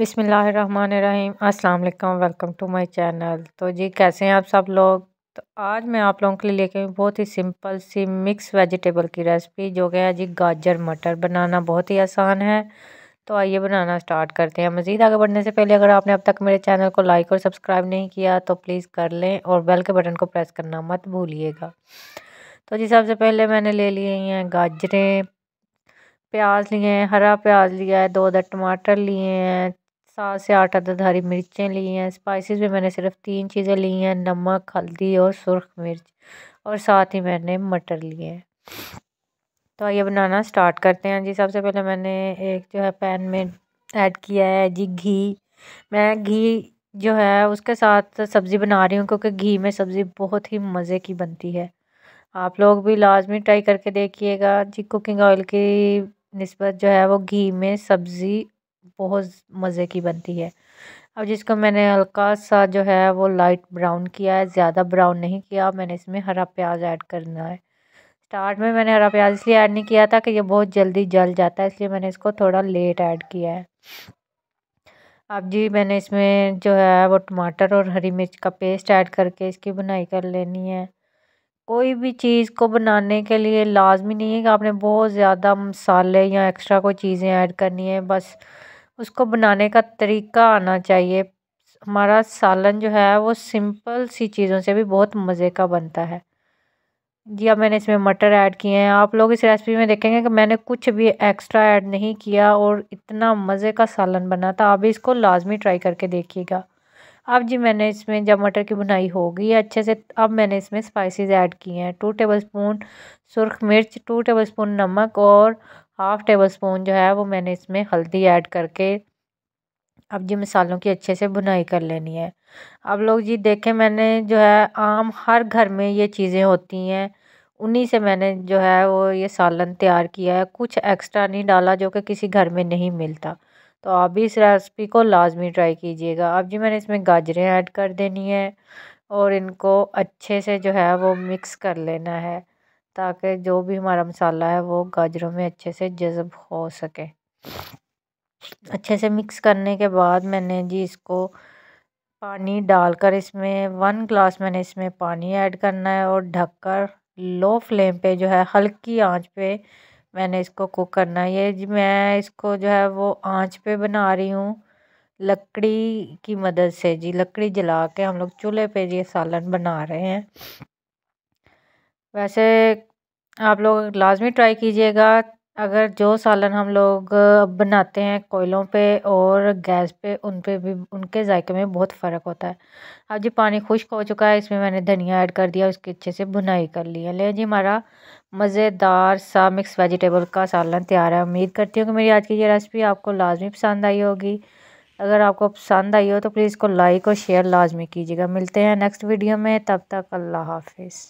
अस्सलाम वालेकुम welcome to my channel तो जी कैसे हैं आप सब लोग तो आज मैं आप लोगों के लिए लेके आई बहुत ही सिंपल सी मिक्स वेजिटेबल की रेसिपी जो कि है जी गाजर मटर बनाना बहुत ही आसान है तो आइए बनाना स्टार्ट करते हैं मज़ीद आगे बढ़ने से पहले अगर आपने अब तक मेरे चैनल को लाइक और सब्सक्राइब नहीं किया तो प्लीज़ कर लें और बेल के बटन को प्रेस करना मत भूलिएगा तो जी सबसे पहले मैंने ले लिए हैं गाजरें प्याज लिए हैं हरा प्याज लिया है दो दर टमाटर लिए हैं सात से आठ अदद हरी मिर्चें ली हैं स्पाइसेस में मैंने सिर्फ तीन चीज़ें ली हैं नमक हल्दी और सुरख मिर्च और साथ ही मैंने मटर लिए हैं तो आइए बनाना स्टार्ट करते हैं जी सबसे पहले मैंने एक जो है पैन में ऐड किया है जी घी मैं घी जो है उसके साथ सब्ज़ी बना रही हूँ क्योंकि घी में सब्ज़ी बहुत ही मज़े की बनती है आप लोग भी लाजमी ट्राई करके देखिएगा जी कुकिंग ऑयल की नस्बत जो है वो घी में सब्ज़ी बहुत मज़े की बनती है अब जिसको मैंने हल्का सा जो है वो लाइट ब्राउन किया है ज़्यादा ब्राउन नहीं किया मैंने इसमें हरा प्याज ऐड करना है स्टार्ट में मैंने हरा प्याज इसलिए ऐड नहीं किया था कि ये बहुत जल्दी जल जाता है इसलिए मैंने इसको थोड़ा लेट ऐड किया है अब जी मैंने इसमें जो है वो टमाटर और हरी मिर्च का पेस्ट ऐड करके इसकी बुनाई कर लेनी है कोई भी चीज़ को बनाने के लिए लाजमी नहीं है कि आपने बहुत ज़्यादा मसाले या एक्स्ट्रा कोई चीज़ें ऐड करनी है बस उसको बनाने का तरीका आना चाहिए हमारा सालन जो है वो सिंपल सी चीज़ों से भी बहुत मज़े का बनता है जी अब हाँ, मैंने इसमें मटर ऐड किए हैं आप लोग इस रेसिपी में देखेंगे कि मैंने कुछ भी एक्स्ट्रा ऐड नहीं किया और इतना मज़े का सालन बना था आप इसको लाजमी ट्राई करके देखिएगा अब जी मैंने इसमें जब मटर की बुनाई हो गई अच्छे से अब मैंने इसमें स्पाइसेस ऐड किए हैं टू टेबल स्पून सुरख मिर्च टू टेबल स्पून नमक और हाफ़ टेबल स्पून जो है वो मैंने इसमें हल्दी ऐड करके अब जी मसालों की अच्छे से बुनाई कर लेनी है अब लोग जी देखें मैंने जो है आम हर घर में ये चीज़ें होती हैं उन्हीं से मैंने जो है वो ये सालन तैयार किया है कुछ एक्स्ट्रा नहीं डाला जो कि किसी घर में नहीं मिलता तो आप भी इस रेसिपी को लाजमी ट्राई कीजिएगा अब जी मैंने इसमें गाजरें ऐड कर देनी है और इनको अच्छे से जो है वो मिक्स कर लेना है ताकि जो भी हमारा मसाला है वो गाजरों में अच्छे से जज़ब हो सके अच्छे से मिक्स करने के बाद मैंने जी इसको पानी डालकर इसमें वन ग्लास मैंने इसमें पानी ऐड करना है और ढककर लो फ्लेम पे जो है हल्की आंच पे मैंने इसको कुक करना है ये जी मैं इसको जो है वो आंच पे बना रही हूँ लकड़ी की मदद से जी लकड़ी जला के हम लोग चूल्हे पे ये सालन बना रहे हैं वैसे आप लोग लाज़मी ट्राई कीजिएगा अगर जो सालन हम लोग बनाते हैं कोयलों पे और गैस पे उन पे भी उनके जायके में बहुत फ़र्क होता है अब जी पानी खुश्क हो चुका है इसमें मैंने धनिया ऐड कर दिया उसकी अच्छे से भुनाई कर ली है ले जी हमारा मज़ेदार सा मिक्स वेजिटेबल का सालन तैयार है उम्मीद करती हूँ कि मेरी आज की ये रेसिपी आपको लाजमी पसंद आई होगी अगर आपको पसंद आई हो तो प्लीज़ इसको लाइक और शेयर लाजमी कीजिएगा मिलते हैं नेक्स्ट वीडियो में तब तक अल्लाह हाफिज़